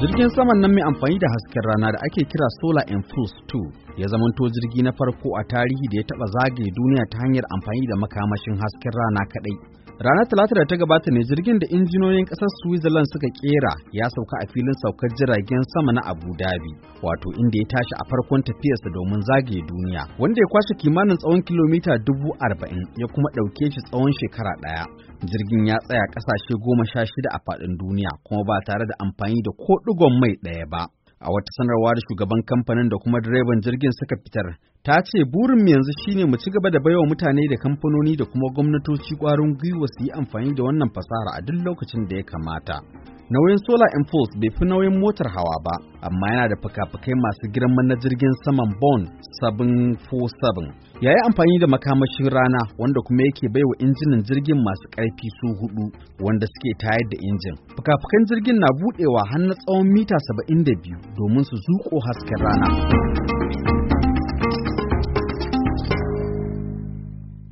Jirgin saman nan mai amfani da hasken rana da ake kira Solar Impulse 2 ya zamanto jirgi na farko a tarihi da ya taɓa zagaye duniya ta hanyar amfani da makamashin hasken rana kaɗai. Ranar Talata da ta gabata ne jirgin da injiniyoyin ƙasar Switzerland suka kera ya sauka a filin saukar jiragen sama na Abu Dhabi, wato inda ya tashi a farkon tafiyarsa domin zagaye duniya, wanda ya kwashe kimanin tsawon kilomita dubu arba'in ya kuma ɗauke shi tsawon shekara ɗaya. Jirgin ya tsaya ƙasashe goma sha shida a faɗin duniya kuma ba tare da amfani da ko ɗigon mai ɗaya ba. A wata sanarwa da shugaban kamfanin da kuma direban jirgin suka fitar, ta ce burin yanzu shine mu ci gaba da baiwa mutane da kamfanoni da kuma gwamnatoci ƙwarin gwiwa su yi amfani da wannan fasahar a duk lokacin da ya kamata. Nauyin Solar Impulse bai fi nauyin motar hawa ba, amma yana da fuka-fukai masu girman na jirgin saman Bon 747. Ya yi amfani da makamashin rana wanda kuma yake baiwa injinan jirgin masu ƙarfi su hudu wanda suke tayar da injin. Fuka-fukan jirgin na budewa har na tsawon mita 72 domin su zuƙo hasken rana.